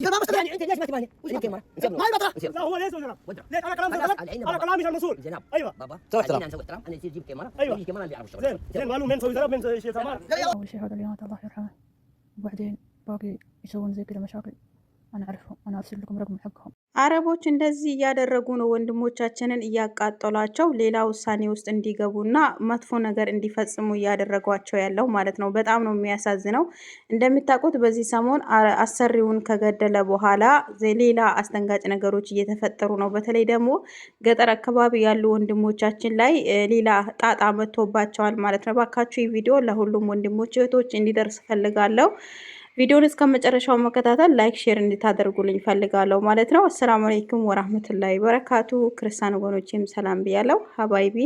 يا ماما يعني انت ليش ما تباني؟ وش الكاميرا؟ مرة؟ ما يبغى لا هو ليش ولا ليش انا كلامي غلط؟ انا كلامي مش الموصول جناب ايوه بابا سوي احترام انا نسوي احترام انا يصير يجيب كاميرا ايوه يجيب كاميرا اللي يعرف زين زين قالوا مين سوي ضرب مين سوي شيء اول شيء هذا اللي الله يرحمه وبعدين باقي يسوون زي كذا مشاكل አናርፍም አናስልኩም አረቦች እንደዚህ እያደረጉ ነው ወንድሞቻችንን እያቃጠሏቸው ሌላ ውሳኔ ውስጥ እንዲገቡና መጥፎ ነገር እንዲፈጽሙ እያደረጓቸው ያለው ማለት ነው። በጣም ነው የሚያሳዝነው። እንደምታውቁት በዚህ ሰሞን አሰሪውን ከገደለ በኋላ ሌላ አስደንጋጭ ነገሮች እየተፈጠሩ ነው። በተለይ ደግሞ ገጠር አካባቢ ያሉ ወንድሞቻችን ላይ ሌላ ጣጣ መጥቶባቸዋል ማለት ነው። ባካችሁ ቪዲዮ ለሁሉም ወንድሞች እህቶች እንዲደርስ ፈልጋለሁ። ቪዲዮን እስከ መጨረሻው መከታተል፣ ላይክ፣ ሼር እንድታደርጉልኝ ፈልጋለሁ ማለት ነው። አሰላሙ አለይኩም ወራህመቱላሂ ወበረካቱ። ክርስቲያን ወገኖቼም ሰላም ብያለሁ። ሀባይቢ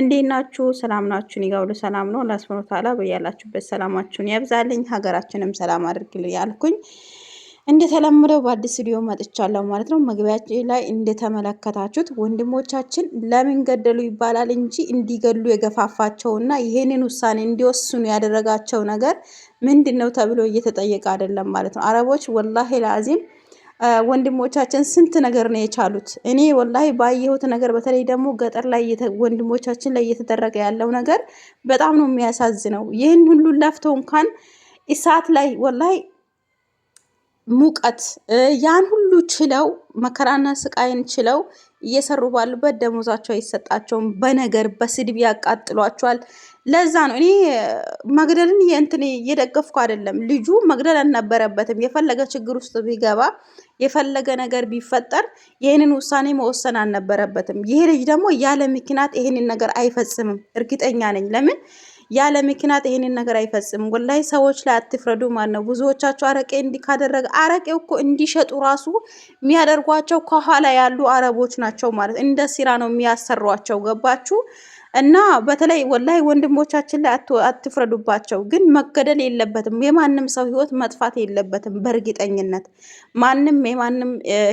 እንዴት ናችሁ? ሰላም ናችሁን? ይጋውሉ ሰላም ነው። አላህ ሱብሃነሁ ወተዓላ በያላችሁበት ሰላማችሁን ያብዛልኝ፣ ሀገራችንም ሰላም አድርግልኝ ያልኩኝ እንደተለመደው በአዲስ ስቱዲዮ መጥቻለሁ ማለት ነው። መግቢያችን ላይ እንደተመለከታችሁት ወንድሞቻችን ለምን ገደሉ ይባላል እንጂ እንዲገሉ የገፋፋቸውና ይሄንን ውሳኔ እንዲወስኑ ያደረጋቸው ነገር ምንድን ነው ተብሎ እየተጠየቀ አይደለም ማለት ነው። አረቦች ወላሂ ላዚም ወንድሞቻችን ስንት ነገር ነው የቻሉት። እኔ ወላሂ ባየሁት ነገር በተለይ ደግሞ ገጠር ላይ ወንድሞቻችን ላይ እየተደረገ ያለው ነገር በጣም ነው የሚያሳዝነው። ይህን ሁሉ ለፍተው እንኳን እሳት ላይ ወላሂ ሙቀት ያን ሁሉ ችለው መከራና ስቃይን ችለው እየሰሩ ባሉበት ደሞዛቸው አይሰጣቸውም። በነገር በስድብ ያቃጥሏቸዋል። ለዛ ነው እኔ መግደልን የእንትን እየደገፍኩ አይደለም። ልጁ መግደል አልነበረበትም። የፈለገ ችግር ውስጥ ቢገባ የፈለገ ነገር ቢፈጠር ይህንን ውሳኔ መወሰን አልነበረበትም። ይሄ ልጅ ደግሞ ያለ ምክንያት ይህንን ነገር አይፈጽምም፣ እርግጠኛ ነኝ። ለምን ያለ ምክንያት ይሄንን ነገር አይፈጽም። ወላይ ሰዎች ላይ አትፍረዱ ማን ነው። ብዙዎቻቸው አረቄ እንዲህ ካደረገ እኮ እንዲሸጡ ራሱ የሚያደርጓቸው ከኋላ ያሉ አረቦች ናቸው ማለት እንደ ሲራ ነው የሚያሰሯቸው። ገባችሁ? እና በተለይ ወላይ ወንድሞቻችን ላይ አትፍረዱባቸው፣ ግን መገደል የለበትም። የማንም ሰው ህይወት መጥፋት የለበትም። በእርግጠኝነት ማንም የማንም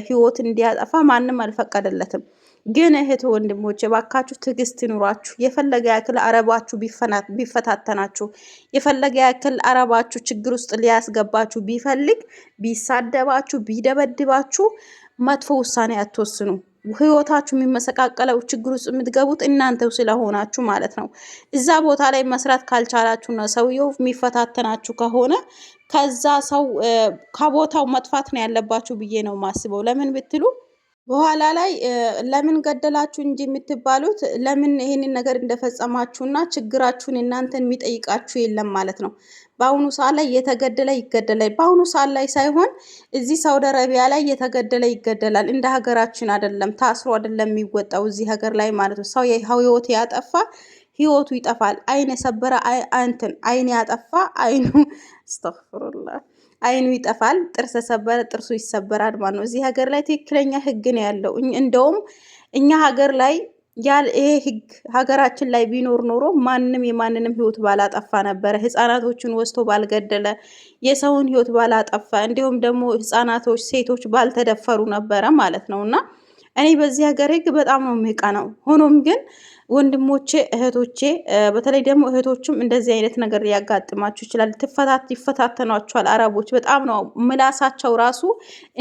ህይወት እንዲያጠፋ ማንም አልፈቀደለትም። ግን እህት ወንድሞች የባካችሁ ትዕግስት ይኑራችሁ። የፈለገ ያክል አረባችሁ ቢፈታተናችሁ፣ የፈለገ ያክል አረባችሁ ችግር ውስጥ ሊያስገባችሁ ቢፈልግ፣ ቢሳደባችሁ፣ ቢደበድባችሁ መጥፎ ውሳኔ አትወስኑ። ህይወታችሁ የሚመሰቃቀለው ችግር ውስጥ የምትገቡት እናንተው ስለሆናችሁ ማለት ነው። እዛ ቦታ ላይ መስራት ካልቻላችሁና ሰውየው የሚፈታተናችሁ ከሆነ ከዛ ሰው ከቦታው መጥፋት ነው ያለባችሁ ብዬ ነው ማስበው። ለምን ብትሉ በኋላ ላይ ለምን ገደላችሁ እንጂ የምትባሉት ለምን ይሄንን ነገር እንደፈጸማችሁና ችግራችሁን እናንተን የሚጠይቃችሁ የለም ማለት ነው። በአሁኑ ሰዓት ላይ የተገደለ ይገደላል። በአሁኑ ሰዓት ላይ ሳይሆን እዚህ ሳውዲ አረቢያ ላይ የተገደለ ይገደላል። እንደ ሀገራችን አይደለም፣ ታስሮ አይደለም የሚወጣው እዚህ ሀገር ላይ ማለት ነው። ሰው ህይወት ያጠፋ ህይወቱ ይጠፋል። አይን የሰበረ አንትን አይን ያጠፋ አይኑ አስተፍሩላ አይኑ ይጠፋል፣ ጥርስ ተሰበረ ጥርሱ ይሰበራል ማለት ነው። እዚህ ሀገር ላይ ትክክለኛ ህግ ነው ያለው። እንደውም እኛ ሀገር ላይ ያል ይሄ ህግ ሀገራችን ላይ ቢኖር ኖሮ ማንም የማንንም ህይወት ባላጠፋ ነበረ። ህፃናቶችን ወስቶ ባልገደለ፣ የሰውን ህይወት ባላጠፋ፣ እንዲሁም ደግሞ ህፃናቶች ሴቶች ባልተደፈሩ ነበረ ማለት ነው እና እኔ በዚህ ሀገር ህግ በጣም ነው የሚቀናው። ሆኖም ግን ወንድሞቼ፣ እህቶቼ በተለይ ደግሞ እህቶችም እንደዚህ አይነት ነገር ሊያጋጥማችሁ ይችላል። ትፈታት ይፈታተኗቸዋል። አረቦች በጣም ነው ምላሳቸው ራሱ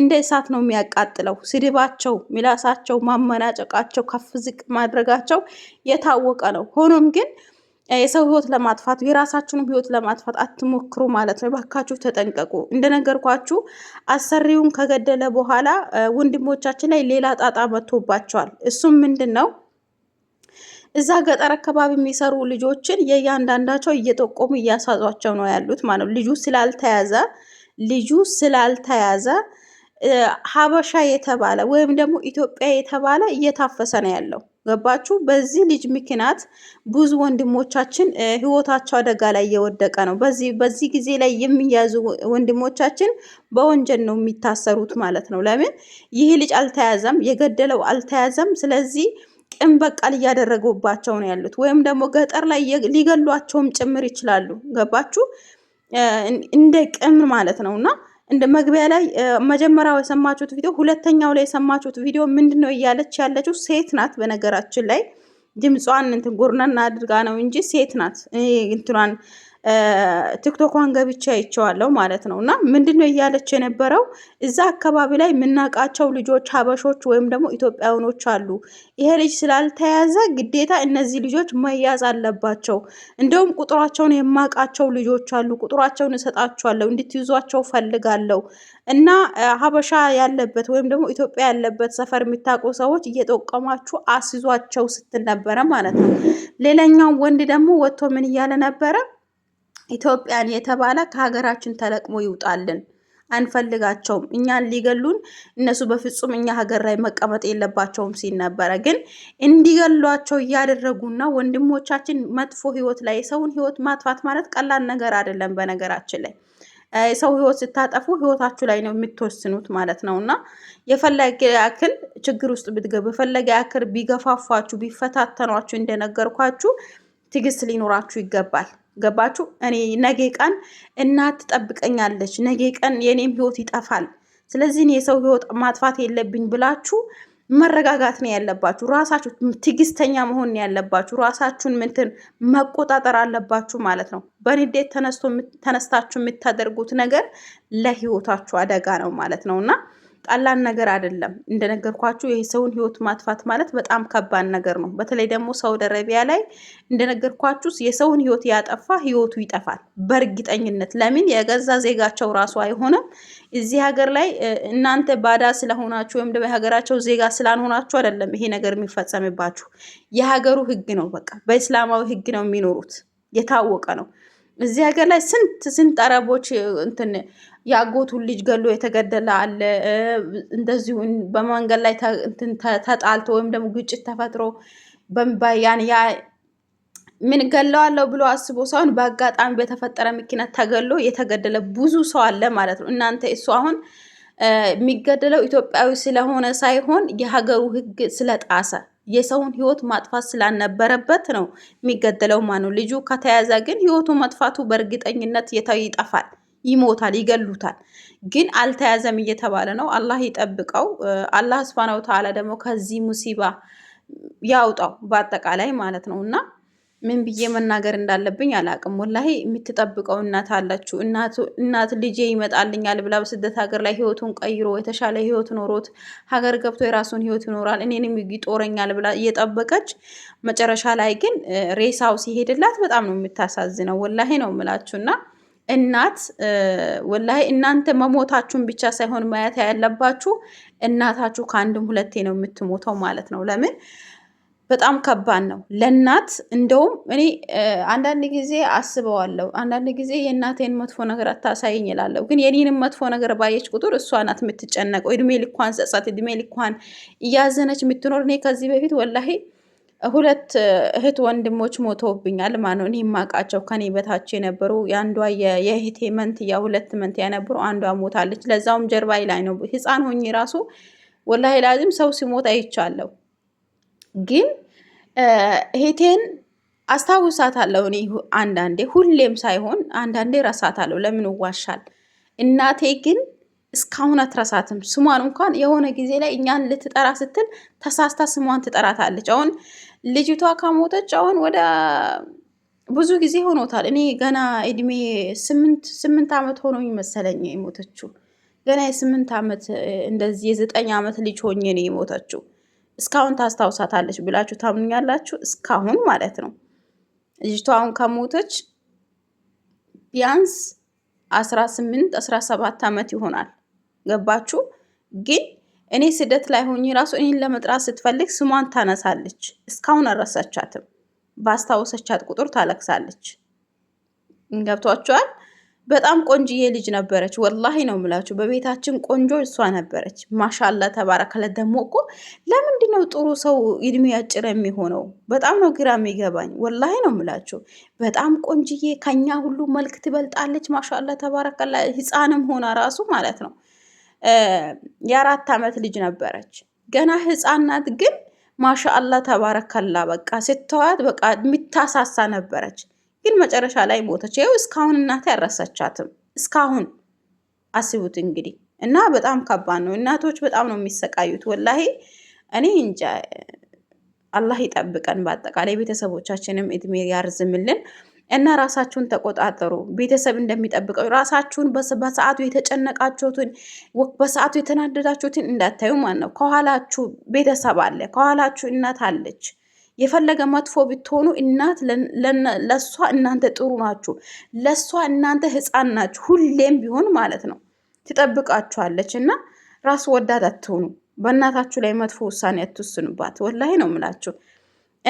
እንደ እሳት ነው የሚያቃጥለው። ስድባቸው፣ ምላሳቸው፣ ማመናጨቃቸው፣ ከፍ ዝቅ ማድረጋቸው የታወቀ ነው። ሆኖም ግን የሰው ህይወት ለማጥፋት የራሳችሁንም ህይወት ለማጥፋት አትሞክሩ ማለት ነው። ባካችሁ ተጠንቀቁ። እንደነገርኳችሁ አሰሪውን ከገደለ በኋላ ወንድሞቻችን ላይ ሌላ ጣጣ መጥቶባቸዋል። እሱም ምንድን ነው? እዛ ገጠር አካባቢ የሚሰሩ ልጆችን የእያንዳንዳቸው እየጠቆሙ እያሳዟቸው ነው ያሉት ማለት ነው። ልጁ ስላልተያዘ ልጁ ስላልተያዘ ሀበሻ የተባለ ወይም ደግሞ ኢትዮጵያ የተባለ እየታፈሰ ነው ያለው። ገባችሁ? በዚህ ልጅ ምክንያት ብዙ ወንድሞቻችን ህይወታቸው አደጋ ላይ እየወደቀ ነው። በዚህ ጊዜ ላይ የሚያዙ ወንድሞቻችን በወንጀል ነው የሚታሰሩት ማለት ነው። ለምን ይህ ልጅ አልተያዘም? የገደለው አልተያዘም። ስለዚህ ቂም በቀል እያደረጉባቸው ነው ያሉት፣ ወይም ደግሞ ገጠር ላይ ሊገሏቸውም ጭምር ይችላሉ። ገባችሁ? እንደ ቂም ማለት ነው እና እንደ መግቢያ ላይ መጀመሪያው የሰማችሁት ቪዲዮ፣ ሁለተኛው ላይ የሰማችሁት ቪዲዮ ምንድን ነው እያለች ያለችው? ሴት ናት። በነገራችን ላይ ድምጿን እንትን አድርጋ ነው እንጂ ሴት ናት። እንትኗን ቲክቶኳን ገብቼ አይቼዋለሁ ማለት ነው። እና ምንድን ነው እያለች የነበረው እዛ አካባቢ ላይ የምናውቃቸው ልጆች ሀበሾች ወይም ደግሞ ኢትዮጵያውኖች አሉ። ይሄ ልጅ ስላልተያዘ ግዴታ እነዚህ ልጆች መያዝ አለባቸው። እንደውም ቁጥራቸውን የማውቃቸው ልጆች አሉ። ቁጥራቸውን እሰጣቸዋለሁ፣ እንድትይዟቸው ፈልጋለሁ። እና ሀበሻ ያለበት ወይም ደግሞ ኢትዮጵያ ያለበት ሰፈር የሚታውቁ ሰዎች እየጠቆማችሁ አስይዟቸው ስትል ነበረ ማለት ነው። ሌላኛው ወንድ ደግሞ ወጥቶ ምን እያለ ነበረ ኢትዮጵያን የተባለ ከሀገራችን ተለቅሞ ይውጣልን። አንፈልጋቸውም። እኛን ሊገሉን እነሱ በፍጹም እኛ ሀገር ላይ መቀመጥ የለባቸውም ሲል ነበረ። ግን እንዲገሏቸው እያደረጉና ወንድሞቻችን መጥፎ ህይወት ላይ የሰውን ህይወት ማጥፋት ማለት ቀላል ነገር አይደለም። በነገራችን ላይ የሰው ህይወት ስታጠፉ ህይወታችሁ ላይ ነው የምትወስኑት ማለት ነው። እና የፈለገ ያክል ችግር ውስጥ ብትገቡ፣ የፈለገ ያክል ቢገፋፏችሁ፣ ቢፈታተኗችሁ እንደነገርኳችሁ ትግስት ሊኖራችሁ ይገባል። ገባችሁ? እኔ ነገ ቀን እናት ትጠብቀኛለች፣ ነገ ቀን የእኔም ህይወት ይጠፋል። ስለዚህ እኔ የሰው ህይወት ማጥፋት የለብኝ ብላችሁ መረጋጋት ነው ያለባችሁ። ራሳችሁ ትግስተኛ መሆን ነው ያለባችሁ። ራሳችሁን ምንትን መቆጣጠር አለባችሁ ማለት ነው። በንዴት ተነስታችሁ የምታደርጉት ነገር ለህይወታችሁ አደጋ ነው ማለት ነው እና ቀላል ነገር አይደለም። እንደነገርኳችሁ የሰውን ህይወት ማጥፋት ማለት በጣም ከባድ ነገር ነው። በተለይ ደግሞ ሳውዲ አረቢያ ላይ እንደነገርኳችሁ የሰውን ህይወት ያጠፋ ህይወቱ ይጠፋል በእርግጠኝነት። ለምን የገዛ ዜጋቸው ራሱ አይሆንም። እዚህ ሀገር ላይ እናንተ ባዳ ስለሆናችሁ ወይም ደግሞ የሀገራቸው ዜጋ ስላልሆናችሁ አይደለም ይሄ ነገር የሚፈጸምባችሁ። የሀገሩ ህግ ነው፣ በቃ በእስላማዊ ህግ ነው የሚኖሩት፣ የታወቀ ነው። እዚህ ሀገር ላይ ስንት ስንት አረቦች እንትን የአጎቱን ልጅ ገሎ የተገደለ አለ። እንደዚሁ በመንገድ ላይ ተጣልቶ ወይም ደግሞ ግጭት ተፈጥሮ ያን ያ ምን ገለዋለሁ ብሎ አስቦ ሳይሆን በአጋጣሚ በተፈጠረ ምክንያት ተገሎ የተገደለ ብዙ ሰው አለ ማለት ነው። እናንተ እሱ አሁን የሚገደለው ኢትዮጵያዊ ስለሆነ ሳይሆን የሀገሩ ሕግ ስለጣሰ የሰውን ህይወት ማጥፋት ስላልነበረበት ነው የሚገደለው። ማነው ልጁ ከተያዘ ግን ህይወቱ መጥፋቱ በእርግጠኝነት ይጠፋል። ይሞታል፣ ይገሉታል። ግን አልተያዘም እየተባለ ነው። አላህ ይጠብቀው። አላህ ስብሐነሁ ወተዓላ ደግሞ ከዚህ ሙሲባ ያውጣው በአጠቃላይ ማለት ነው እና ምን ብዬ መናገር እንዳለብኝ አላቅም። ወላሂ የምትጠብቀው እናት አላችሁ። እናት ልጄ ይመጣልኛል ብላ በስደት ሀገር ላይ ህይወቱን ቀይሮ የተሻለ ህይወት ኖሮት ሀገር ገብቶ የራሱን ህይወት ይኖራል እኔንም ይጦረኛል ብላ እየጠበቀች መጨረሻ ላይ ግን ሬሳው ሲሄድላት በጣም ነው የምታሳዝነው። ወላሂ ነው የምላችሁ እና እናት ወላሂ እናንተ መሞታችሁን ብቻ ሳይሆን ማየት ያለባችሁ እናታችሁ ከአንድም ሁለቴ ነው የምትሞተው ማለት ነው። ለምን በጣም ከባድ ነው ለእናት። እንደውም እኔ አንዳንድ ጊዜ አስበዋለሁ፣ አንዳንድ ጊዜ የእናቴን መጥፎ ነገር አታሳይኝ እላለሁ። ግን የኔንም መጥፎ ነገር ባየች ቁጥር እሷ ናት የምትጨነቀው። እድሜ ልኳን ጸጸት፣ እድሜ ልኳን እያዘነች የምትኖር እኔ ከዚህ በፊት ወላሄ ሁለት እህት ወንድሞች ሞተውብኛል ማለት ነው። እኔ የማውቃቸው ከኔ በታች የነበሩ የአንዷ የእህቴ መንትያ ሁለት መንትያ ነበሩ። አንዷ ሞታለች። ለዛውም ጀርባዬ ላይ ነው። ህፃን ሆኜ ራሱ ወላሂ ላዚም ሰው ሲሞት አይቻለሁ። ግን እህቴን አስታውሳታለሁ እኔ አንዳንዴ፣ ሁሌም ሳይሆን አንዳንዴ ረሳታለሁ። ለምን ዋሻል? እናቴ ግን እስካሁን አትረሳትም። ስሟን እንኳን የሆነ ጊዜ ላይ እኛን ልትጠራ ስትል ተሳስታ ስሟን ትጠራታለች። አሁን ልጅቷ ካሞተች አሁን ወደ ብዙ ጊዜ ሆኖታል። እኔ ገና እድሜ ስምንት ስምንት ዓመት ሆኖኝ መሰለኝ የሞተችው ገና የስምንት ዓመት እንደዚህ የዘጠኝ ዓመት ልጅ ሆኜ ነው የሞተችው። እስካሁን ታስታውሳታለች ብላችሁ ታምኑኛላችሁ? እስካሁን ማለት ነው። ልጅቷ አሁን ከሞተች ቢያንስ አስራ ስምንት አስራ ሰባት ዓመት ይሆናል። ገባችሁ ግን እኔ ስደት ላይ ሆኜ ራሱ እኔን ለመጥራት ስትፈልግ ስሟን ታነሳለች። እስካሁን አረሳቻትም። ባስታወሰቻት ቁጥር ታለቅሳለች። ገብቷቸዋል። በጣም ቆንጅዬ ልጅ ነበረች። ወላሂ ነው የምላችሁ። በቤታችን ቆንጆ እሷ ነበረች። ማሻላ ተባረከለ። ደግሞ እኮ ለምንድን ነው ጥሩ ሰው እድሜ ያጭር የሚሆነው? በጣም ነው ግራ የሚገባኝ። ወላሂ ነው የምላቸው። በጣም ቆንጅዬ ከኛ ሁሉ መልክ ትበልጣለች። ማሻላ ተባረከላ። ህፃንም ሆና ራሱ ማለት ነው የአራት ዓመት ልጅ ነበረች። ገና ህፃናት ግን ማሻአላ ተባረከላ በቃ ስተዋት በቃ የሚታሳሳ ነበረች። ግን መጨረሻ ላይ ሞተች። ይኸው እስካሁን እናቴ አልረሳቻትም። እስካሁን አስቡት እንግዲህ እና በጣም ከባድ ነው። እናቶች በጣም ነው የሚሰቃዩት። ወላሂ እኔ እንጃ። አላህ ይጠብቀን። በአጠቃላይ ቤተሰቦቻችንም እድሜ ያርዝምልን። እና ራሳችሁን ተቆጣጠሩ። ቤተሰብ እንደሚጠብቀው ራሳችሁን በሰዓቱ የተጨነቃችሁትን በሰዓቱ የተናደዳችሁትን እንዳታዩ ማለት ነው። ከኋላችሁ ቤተሰብ አለ፣ ከኋላችሁ እናት አለች። የፈለገ መጥፎ ብትሆኑ እናት ለእሷ እናንተ ጥሩ ናችሁ፣ ለእሷ እናንተ ህፃን ናችሁ። ሁሌም ቢሆን ማለት ነው ትጠብቃችኋለች እና ራስ ወዳድ አትሆኑ። በእናታችሁ ላይ መጥፎ ውሳኔ አትወስኑባት። ወላሂ ነው የምላችሁ።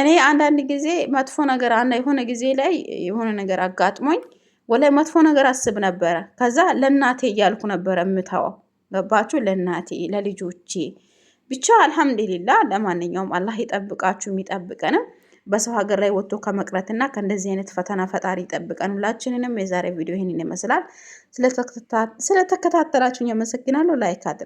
እኔ አንዳንድ ጊዜ መጥፎ ነገር አና የሆነ ጊዜ ላይ የሆነ ነገር አጋጥሞኝ ወላይ መጥፎ ነገር አስብ ነበረ። ከዛ ለእናቴ እያልኩ ነበረ የምተወው። ገባችሁ? ለእናቴ ለልጆቼ ብቻ አልሐምዱሊላ። ለማንኛውም አላህ ይጠብቃችሁ የሚጠብቀንም በሰው ሀገር ላይ ወጥቶ ከመቅረትና ከእንደዚህ አይነት ፈተና ፈጣሪ ይጠብቀን ሁላችንንም። የዛሬ ቪዲዮ ይህንን ይመስላል። ስለተከታተላችሁኝ አመሰግናለሁ። ላይክ አድርጉ።